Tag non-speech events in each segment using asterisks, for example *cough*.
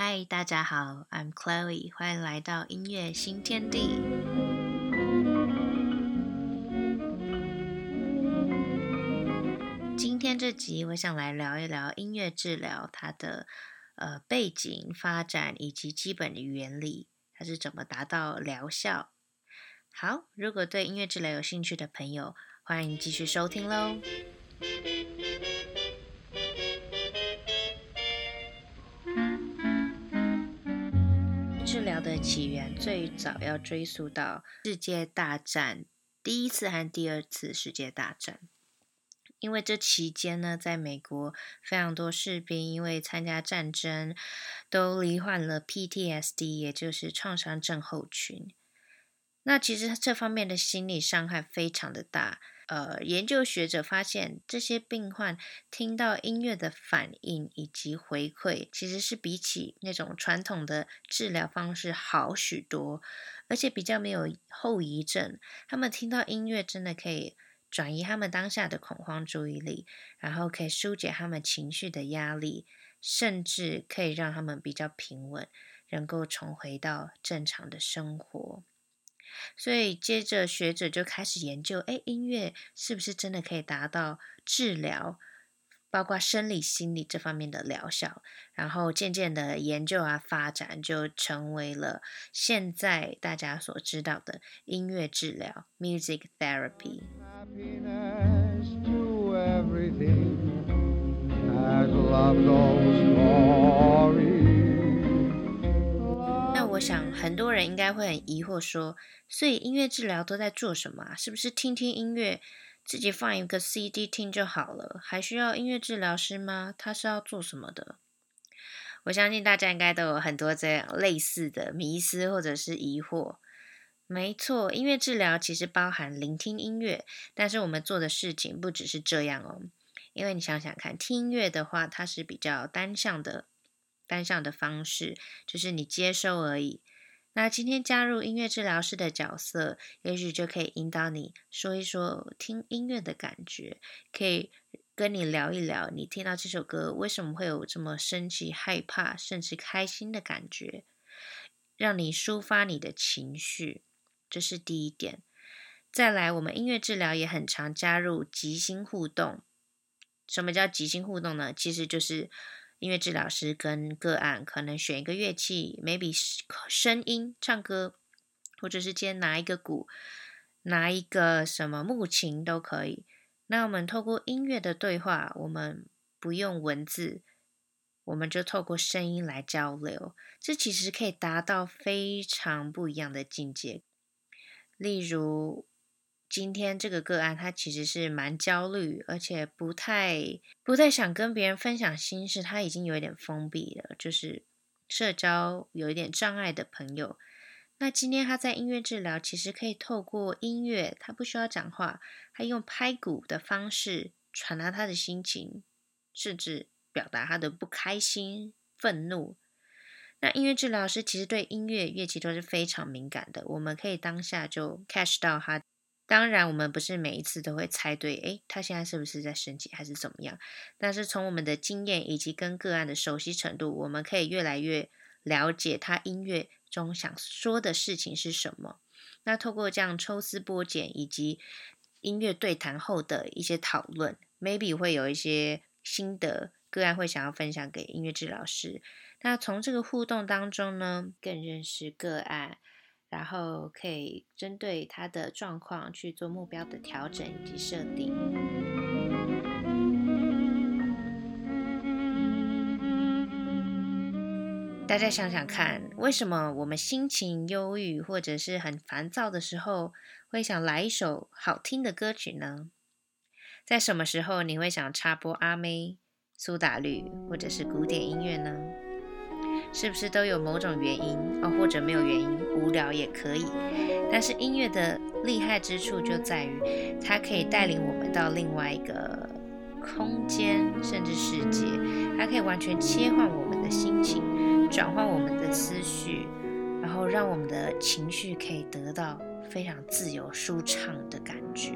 嗨，Hi, 大家好，I'm Chloe，歡迎來到音樂新天地。今天這集，我想來聊一聊音樂治療它的呃背景發展，以及基本的原理，它是怎麼達到療效。好，如果對音樂治療有興趣的朋友，歡迎繼續收聽嘍。起源最早要追溯到世界大戰，第一次和第二次世界大戰。因為這期間呢，在美國非常多士兵因為參加戰爭都罹患了 PTSD，也就是創傷症候群。那其實這方面的心理傷害非常的大。呃，研究學者發現，這些病患聽到音樂的反應以及回饋，其實是比起那種傳統的治療方式好許多，而且比較沒有後遺症。他們聽到音樂真的可以轉移他們當下的恐慌注意力，然後可以疏解他們情緒的壓力，甚至可以讓他們比較平穩，能夠重回到正常的生活。所以，接着學者就開始研究，哎，音樂是不是真的可以達到治療，包括生理、心理這方面的療效？然後，漸漸的研究啊發展，就成為了現在大家所知道的音樂治療 （Music Therapy）。很多人應該會很疑惑，說：“所以音樂治療都在做什麼啊？是不是聽聽音樂，自己放一個 CD 聽就好了？還需要音樂治療師嗎？他是要做什麼的？”我相信大家應該都有很多這樣類似的迷思或者是疑惑。沒錯，音樂治療其實包含聆聽音樂，但是我們做的事情不只是這樣哦。因為你想想看，聽音樂的話，它是比較單向的，單向的方式，就是你接收而已。那今天加入音樂治療師的角色，也許就可以引導你說一說聽音樂的感覺，可以跟你聊一聊你聽到這首歌為什麼會有這麼生氣、害怕，甚至開心的感覺，讓你抒發你的情緒，這是第一點。再來，我們音樂治療也很常加入即興互動。什麼叫即興互動呢？其實就是。音樂治療師跟個案可能選一個樂器，maybe 聲音、唱歌，或者是今天拿一個鼓，拿一個什麼木琴都可以。那我們透過音樂的對話，我們不用文字，我們就透過聲音來交流。這其實可以達到非常不一樣的境界。例如，今天這個個案，他其實是蠻焦慮，而且不太不太想跟別人分享心事，他已經有一點封閉了，就是社交有一點障礙的朋友。那今天他在音樂治療，其實可以透過音樂，他不需要講話，他用拍鼓的方式傳達他的心情，甚至表達他的不開心、憤怒。那音樂治療師其實對音樂、樂器都是非常敏感的，我們可以當下就 catch 到他。當然，我們不是每一次都會猜對，誒，他現在是不是在升級還是怎麼樣？但是從我們的經驗以及跟個案的熟悉程度，我們可以越來越了解他音樂中想說的事情是什麼。那透過這樣抽絲剝繭以及音樂對談後的一些討論，maybe 會有一些心得。個案會想要分享給音樂治療師。那從這個互動當中呢，更認識個案，然後可以針對他的狀況去做目標的調整以及設定。大家想想看，為什麼我們心情憂鬱或者是很煩躁的時候，會想來一首好聽的歌曲呢？在什麼時候你會想插播阿妹、蘇打綠或者是古典音樂呢？是不是都有某種原因啊、哦？或者沒有原因，無聊也可以。但是音樂的厲害之處就在於，它可以帶領我們到另外一個空間，甚至世界，它可以完全切換我們的心情，轉換我們的思緒，然後讓我們的情緒可以得到非常自由、舒暢的感覺。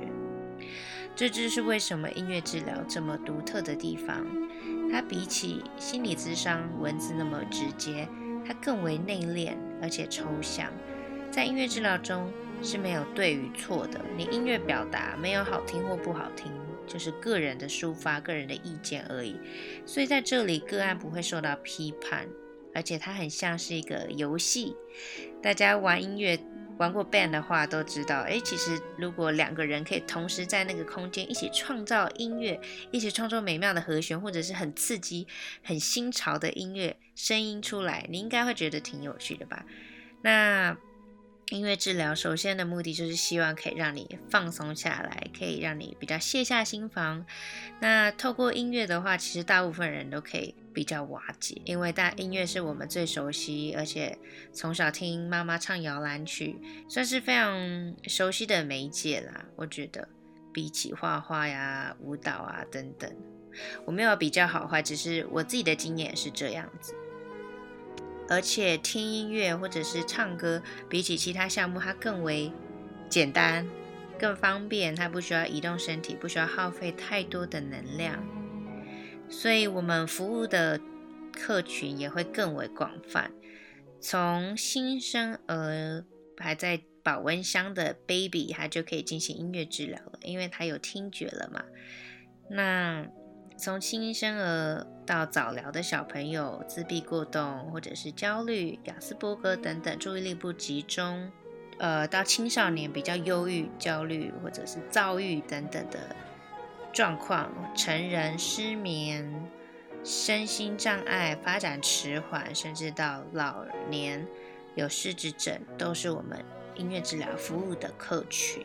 這就是為什麼音樂治療這麼獨特的地方。它比起心理諮商文字那麼直接，它更為內斂，而且抽象。在音樂治療中是沒有對與錯的，你音樂表達沒有好聽或不好聽，就是個人的抒發、個人的意見而已。所以在這裡個案不會受到批判，而且它很像是一個遊戲，大家玩音樂。玩過 Band 的話，都知道，誒，其實如果兩個人可以同時在那個空間一起創造音樂，一起創作美妙的和弦，或者是很刺激、很新潮的音樂聲音出來，你應該會覺得挺有趣的吧？那。音樂治療首先的目的就是希望可以讓你放鬆下來，可以讓你比較卸下心防。那透過音樂的話，其實大部分人都可以比較瓦解，因為大家音樂是我們最熟悉，而且從小聽媽媽唱搖籃曲，算是非常熟悉的媒介啦。我覺得比起畫畫呀、舞蹈啊等等，我沒有比較好壞，只是我自己的經驗是這樣子。而且聽音樂或者是唱歌，比起其他項目，它更為簡單、更方便。它不需要移動身體，不需要耗費太多的能量，所以我們服務的客群也會更為廣泛。從新生兒還在保溫箱的 baby，他就可以進行音樂治療了，因為他有聽覺了嘛。那從新生兒。到早療的小朋友，自閉過動或者是焦慮、亞斯伯格等等，注意力不集中；呃，到青少年比較憂鬱、焦慮或者是躁鬱等等的狀況，成人失眠、身心障礙、發展遲緩，甚至到老年有失智症，都是我們音樂治療服務的客群。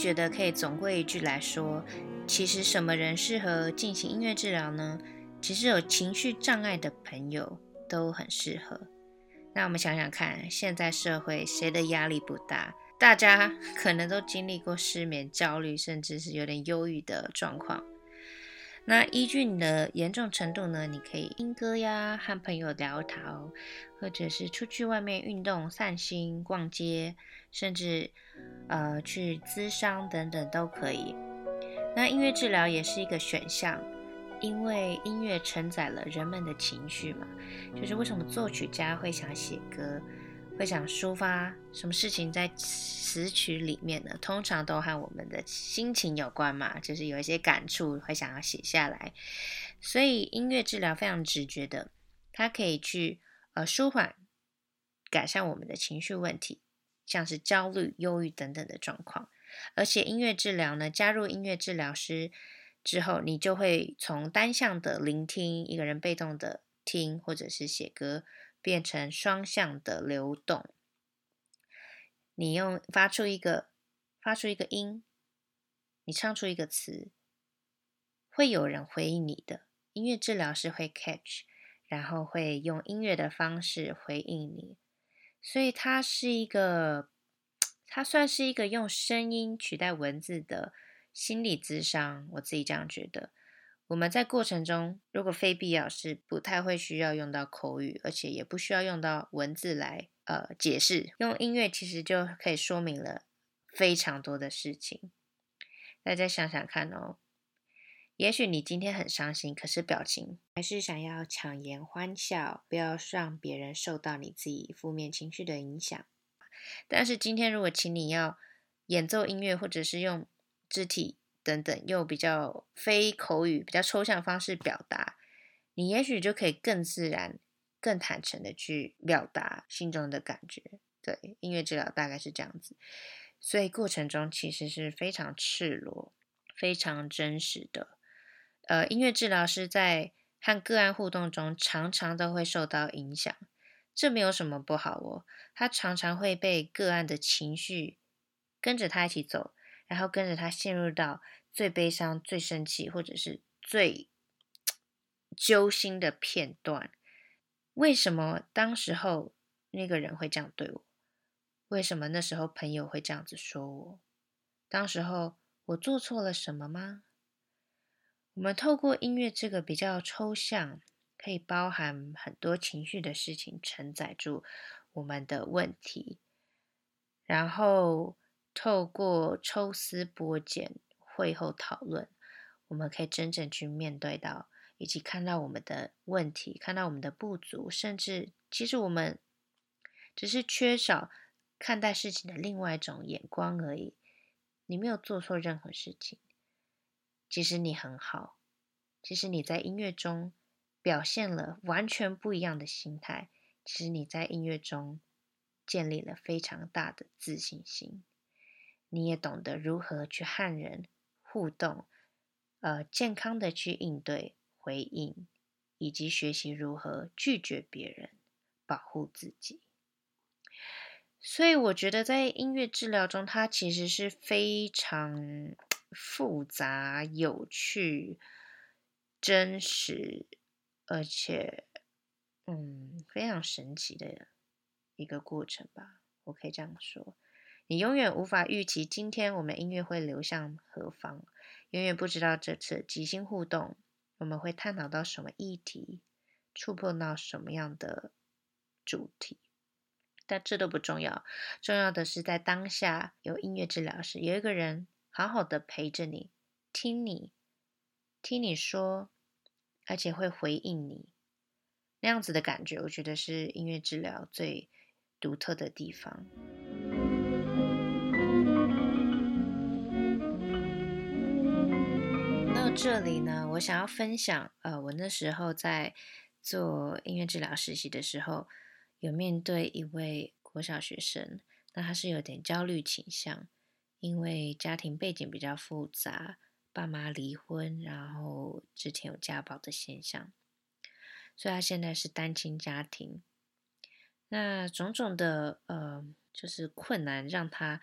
覺得可以，總歸一句來說，其實什麼人適合進行音樂治療呢？其實有情緒障礙的朋友都很適合。那我們想想看，現在社會誰的壓力不大？大家可能都經歷過失眠、焦慮，甚至是有點憂鬱的狀況。那依據你的嚴重程度呢，你可以聽歌呀，和朋友聊天，或者是出去外面運動散心、逛街，甚至呃去諮商等等都可以。那音樂治療也是一個選項，因為音樂承載了人們的情緒嘛，就是為什麼作曲家會想寫歌。會想抒發什麼事情在詞曲裡面呢？通常都和我們的心情有關嘛，就是有一些感觸會想要寫下來。所以音樂治療非常直覺的，它可以去呃舒緩、改善我們的情緒問題，像是焦慮、憂鬱等等的狀況。而且音樂治療呢，加入音樂治療師之後，你就會從單向的聆聽，一個人被動的聽，或者是寫歌。變成雙向的流動。你用發出一個發出一個音，你唱出一個詞，會有人回應你的。音樂治療師會 catch，然後會用音樂的方式回應你。所以它是一個，它算是一個用聲音取代文字的心理諮商，我自己這樣覺得。我們在過程中，如果非必要，是不太會需要用到口語，而且也不需要用到文字來呃解釋。用音樂其實就可以說明了非常多的事情。大家想想看哦，也許你今天很傷心，可是表情還是想要強顏歡笑，不要讓別人受到你自己負面情緒的影響。但是今天如果請你要演奏音樂，或者是用肢體，等等，又比較非口語、比較抽象方式表達，你也許就可以更自然、更坦誠的去表達心中的感覺。對，音樂治療大概是這樣子，所以過程中其實是非常赤裸、非常真實的。呃，音樂治療師在和個案互動中，常常都會受到影響，這沒有什麼不好哦。他常常會被個案的情緒跟着他一起走。然後跟着他陷入到最悲傷、最生氣或者是最揪心的片段。為什麼當時候那個人會這樣對我？為什麼那時候朋友會這樣子說我？當時候我做錯了什麼嗎？我們透過音樂這個比較抽象、可以包含很多情緒的事情，承載住我們的問題。然後。透過抽絲剝繭、會後討論，我們可以真正去面對到，以及看到我們的問題，看到我們的不足，甚至其實我們只是缺少看待事情的另外一種眼光而已。你沒有做錯任何事情，其實你很好，其實你在音樂中表現了完全不一樣的心態，其實你在音樂中建立了非常大的自信心。你也懂得如何去和人互動，呃，健康的去應對、回應，以及學習如何拒絕別人、保護自己。所以，我覺得在音樂治療中，它其實是非常複雜、有趣、真實，而且嗯，非常神奇的一個過程吧。我可以這樣說。你永遠無法預期今天我們音樂會流向何方，永遠不知道這次即興互動我們會探討到什麼議題，觸碰到什麼樣的主題，但這都不重要。重要的是在當下有音樂治療師，有一個人好好的陪着你，聽你，聽你說，而且會回應你，那樣子的感覺，我覺得是音樂治療最獨特的地方。這裡呢，我想要分享，呃，我那時候在做音樂治療實習的時候，有面對一位國小學生，那他是有點焦慮傾向，因為家庭背景比較複雜，爸媽離婚，然後之前有家暴的現象，所以他現在是單親家庭，那種種的，呃，就是困難讓他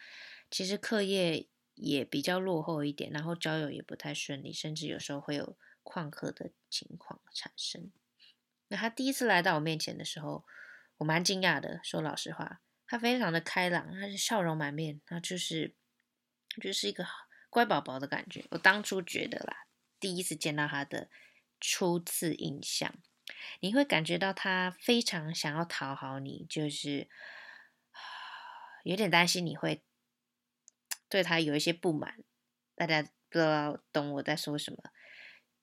其實課業。也比較落後一點，然後交友也不太順利，甚至有時候會有曠課的情況產生。那他第一次來到我面前的時候，我蠻驚訝的，說老實話，他非常的開朗，他是笑容滿面，他就是就是一個乖寶寶的感覺。我當初覺得啦，第一次見到他的初次印象，你會感覺到他非常想要討好你，就是有點擔心你會。對他有一些不滿，大家不知道懂我在說什麼。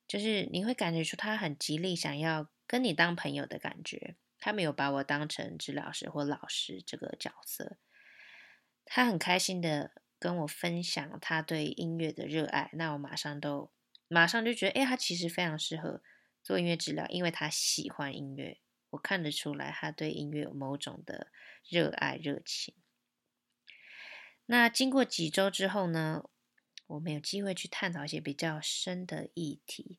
就是你會感覺出他很極力想要跟你當朋友的感覺，他沒有把我當成治療師或老師這個角色。他很開心的跟我分享他對音樂的熱愛，那我馬上都馬上就覺得，哎、欸，他其實非常適合做音樂治療，因為他喜歡音樂，我看得出來他對音樂有某種的熱愛熱情。那經過幾週之後呢，我們有機會去探討一些比較深的議題。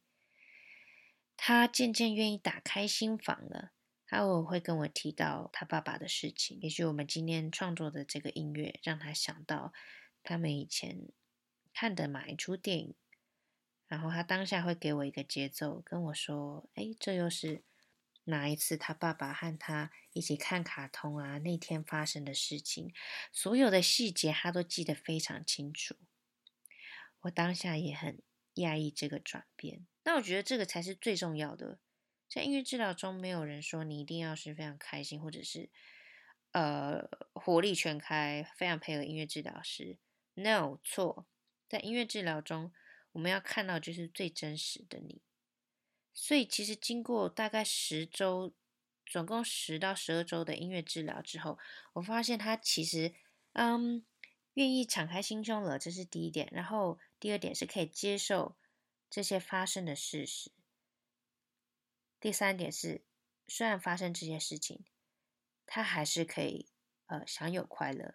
他漸漸願意打開心房了，他會跟我提到他爸爸的事情，也許我們今天創作的這個音樂，讓他想到他們以前看的哪一齣電影。然後他當下會給我一個節奏，跟我說：“哎，這又是……”哪一次他爸爸和他一起看卡通啊？那天發生的事情，所有的細節他都記得非常清楚。我當下也很訝異這個轉變。那我覺得這個才是最重要的。在音樂治療中，沒有人說你一定要是非常開心，或者是呃活力全開，非常配合音樂治療師。No 錯，在音樂治療中，我們要看到就是最真實的你。所以，其實經過大概十週，總共十到十二週的音樂治療之後，我發現他其實，嗯，願意敞開心胸了。這是第一點。然後，第二點是可以接受這些發生的事實。第三點是，雖然發生這些事情，他還是可以，呃，享有快樂，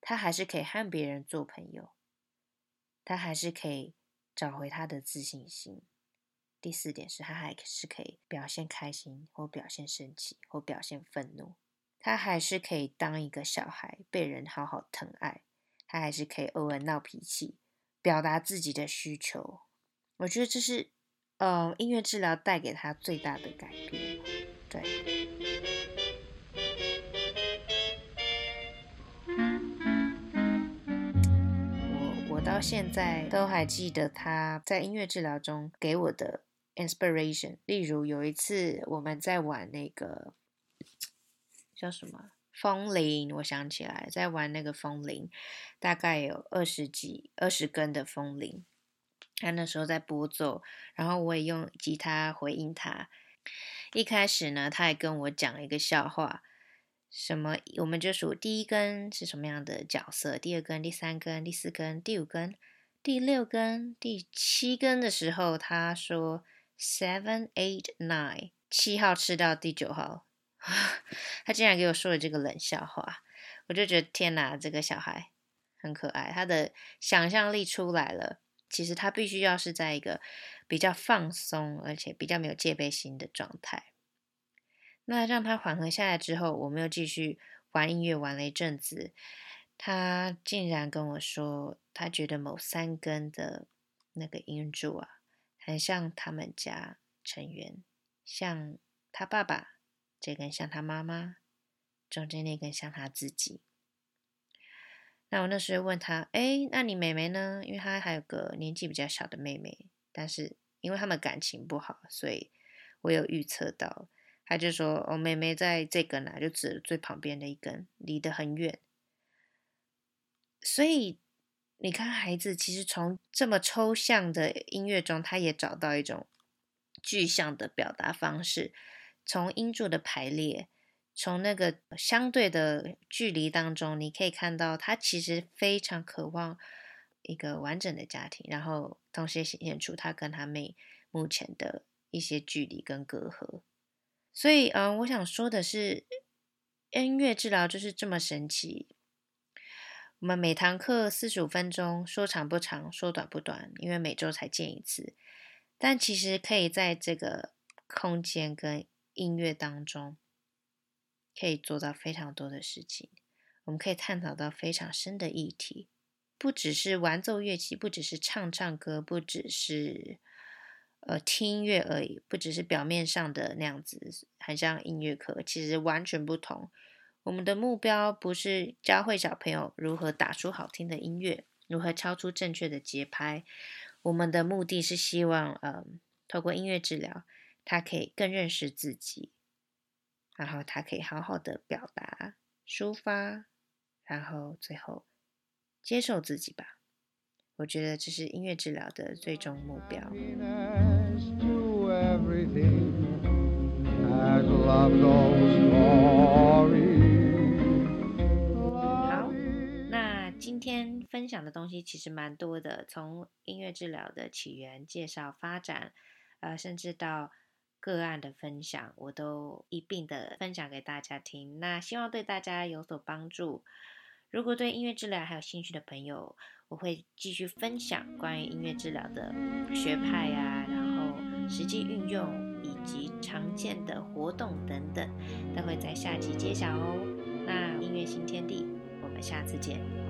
他還是可以和別人做朋友，他還是可以找回他的自信心。第四點是他還是可以表現開心，或表現生氣，或表現憤怒。他還是可以當一個小孩，被人好好疼愛。他還是可以偶爾鬧脾氣，表達自己的需求。我覺得這是，呃，音樂治療帶給他最大的改變。對。我我到現在都還記得他在音樂治療中給我的。inspiration，例如有一次我們在玩那個叫什麼風鈴，我想起來在玩那個風鈴，大概有二十幾二十根的風鈴。他那時候在撥奏，然後我也用吉他回應他。一開始呢，他也跟我講一個笑話，什麼我們就數第一根是什麼樣的角色，第二根、第三根、第四根、第五根、第六根、第七根的時候，他說。Seven, eight, nine，七號吃到第九號，呵呵，他竟然給我說了這個冷笑話，我就覺得天哪，這個小孩很可愛，他的想象力出來了。其實他必須要是在一個比較放鬆，而且比較沒有戒備心的狀態。那讓他緩和下來之後，我們又繼續玩音樂玩了一陣子，他竟然跟我說，他覺得某三根的那個音柱啊。很像他們家成員，像他爸爸，這根像他媽媽，中間那根像他自己。那我那時候問他，哎，那你妹妹呢？因為他還有個年紀比較小的妹妹，但是因為他們感情不好，所以我有預測到，他就說，哦，妹妹在這個呢，就指最旁邊的一根，離得很遠，所以。你看，孩子其實從這麼抽象的音樂中，他也找到一種具象的表達方式。從音柱的排列，從那個相對的距離當中，你可以看到他其實非常渴望一個完整的家庭，然後同時也顯現出他跟他妹目前的一些距離跟隔閡。所以，嗯、呃，我想說的是，音樂治療就是這麼神奇。我們每堂課四十五分鐘，說長不長，說短不短，因為每周才見一次。但其實可以在這個空間跟音樂當中，可以做到非常多的事情。我們可以探討到非常深的議題，不只是玩奏樂器，不只是唱唱歌，不只是呃聽音樂而已，不只是表面上的那樣子，很像音樂課，其實完全不同。我們的目標不是教會小朋友如何打出好聽的音樂，如何敲出正確的節拍。我們的目的是希望，嗯、呃，透過音樂治療，他可以更認識自己，然後他可以好好的表達、抒發，然後最後接受自己吧。我覺得這是音樂治療的最終目標。 *music* 分享的東西其實蠻多的，從音樂治療的起源介紹、發展，呃，甚至到個案的分享，我都一並的分享給大家聽。那希望對大家有所幫助。如果對音樂治療還有興趣的朋友，我會繼續分享關於音樂治療的學派啊，然後實際運用以及常見的活動等等，都會在下集揭曉哦。那音樂新天地，我們下次見。